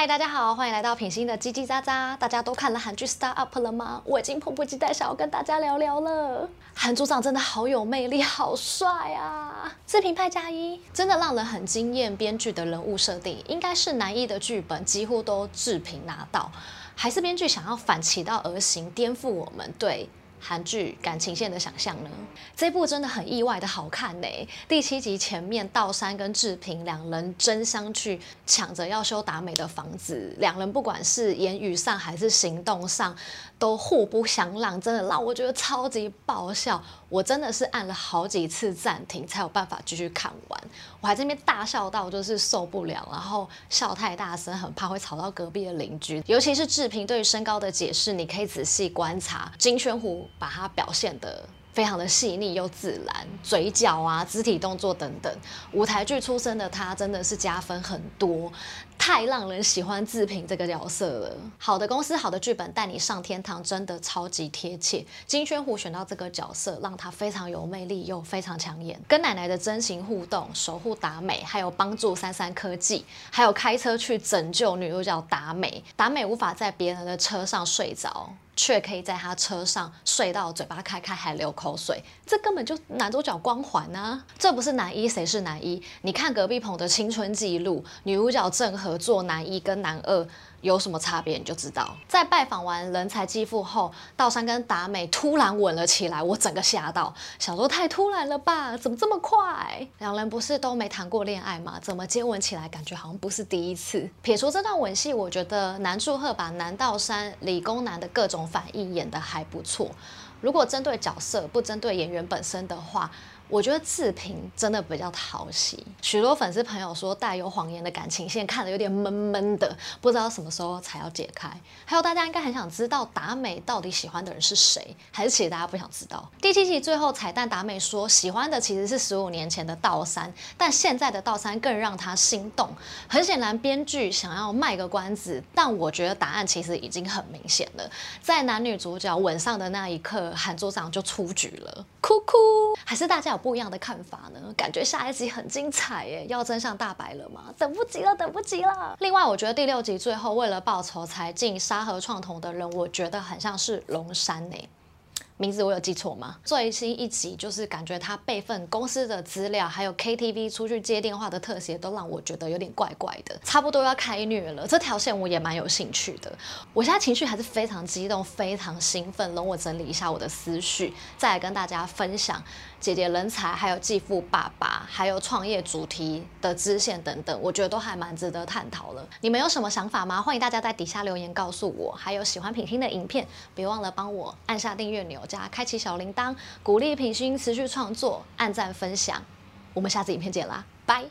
嗨，Hi, 大家好，歡迎來到品心的嘰嘰喳喳。大家都看了韓劇《Start-Up》了嗎？我已經迫不及待想要跟大家聊聊了。韓組長真的好有魅力，好帥啊！志平派加一，真的讓人很驚豔。編劇的人物設定，應該是男一的劇本幾乎都志平拿到，還是編劇想要反其道而行，顛覆我們對韓劇感情線的想象呢？這部真的很意外的好看呢、欸。第七集前面，道山跟志平兩人爭相去搶着要修達美的房子，兩人不管是言語上還是行動上，都互不相讓，真的讓我覺得超級爆笑。我真的是按了好幾次暫停，才有辦法繼續看完。我還在那邊大笑到就是受不了，然後笑太大聲，很怕會吵到隔壁的鄰居。尤其是志平對於身高的解釋，你可以仔細觀察金宣虎把他表現得非常的細膩又自然，嘴角啊、肢體動作等等，舞台劇出身的他真的是加分很多。太讓人喜歡志平這個角色了。好的公司，好的劇本帶你上天堂，真的超級貼切。金宣虎選到這個角色，讓他非常有魅力又非常搶眼。跟奶奶的真情互動，守護達美，還有幫助三三科技，還有開車去拯救女主角達美。達美無法在別人的車上睡着，卻可以在他車上睡到嘴巴開開還流口水，這根本就男主角光環啊！這不是男一，誰是男一？你看隔壁棚的青春記錄，女主角正河。做男一跟男二有什麼差別，你就知道。在拜訪完仁材繼父後，道山跟達美突然吻了起來，我整個嚇到。想說太突然了吧？怎麼這麼快？兩人不是都沒談過戀愛嗎？怎麼接吻起來感覺好像不是第一次？撇除這段吻戲，我覺得南柱赫把南道山理工男的各種反應演得還不錯。如果針對角色，不針對演員本身的話。我覺得志平真的比較討喜，許多粉絲朋友說，帶有謊言的感情線看得有點悶悶的，不知道什麼時候才要解開。還有大家應該很想知道達美到底喜歡的人是誰，還是其實大家不想知道？第七集最後彩蛋，達美說喜歡的其實是十五年前的道山，但現在的道山更讓她心動。很顯然編劇想要賣個關子，但我覺得答案其實已經很明顯了。在男女主角吻上的那一刻，韓組長就出局了，哭哭，還是大家。不一樣的看法呢？感覺下一集很精彩耶，要真相大白了嗎？等不及了，等不及了！另外，我覺得第六集最後為了報仇才進沙河創投的人，我覺得很像是龍山呢。名字，我有記錯嗎？最新一集就是感覺他備份公司的資料，還有 KTV 出去接電話的特寫，都讓我覺得有點怪怪的，差不多要開虐了。這條線我也蠻有興趣的。我現在情緒還是非常激動，非常興奮。容我整理一下我的思緒，再來跟大家分享姐姐、人才、還有繼父、爸爸，還有創業主題的支線等等，我覺得都還蠻值得探討了。你們有什麼想法嗎？歡迎大家在底下留言告訴我。還有喜歡品心的影片，別忘了幫我按下訂閱鈕，家開啟小鈴鐺，鼓勵品心持續創作，按讚分享，我們下次影片見啦，拜。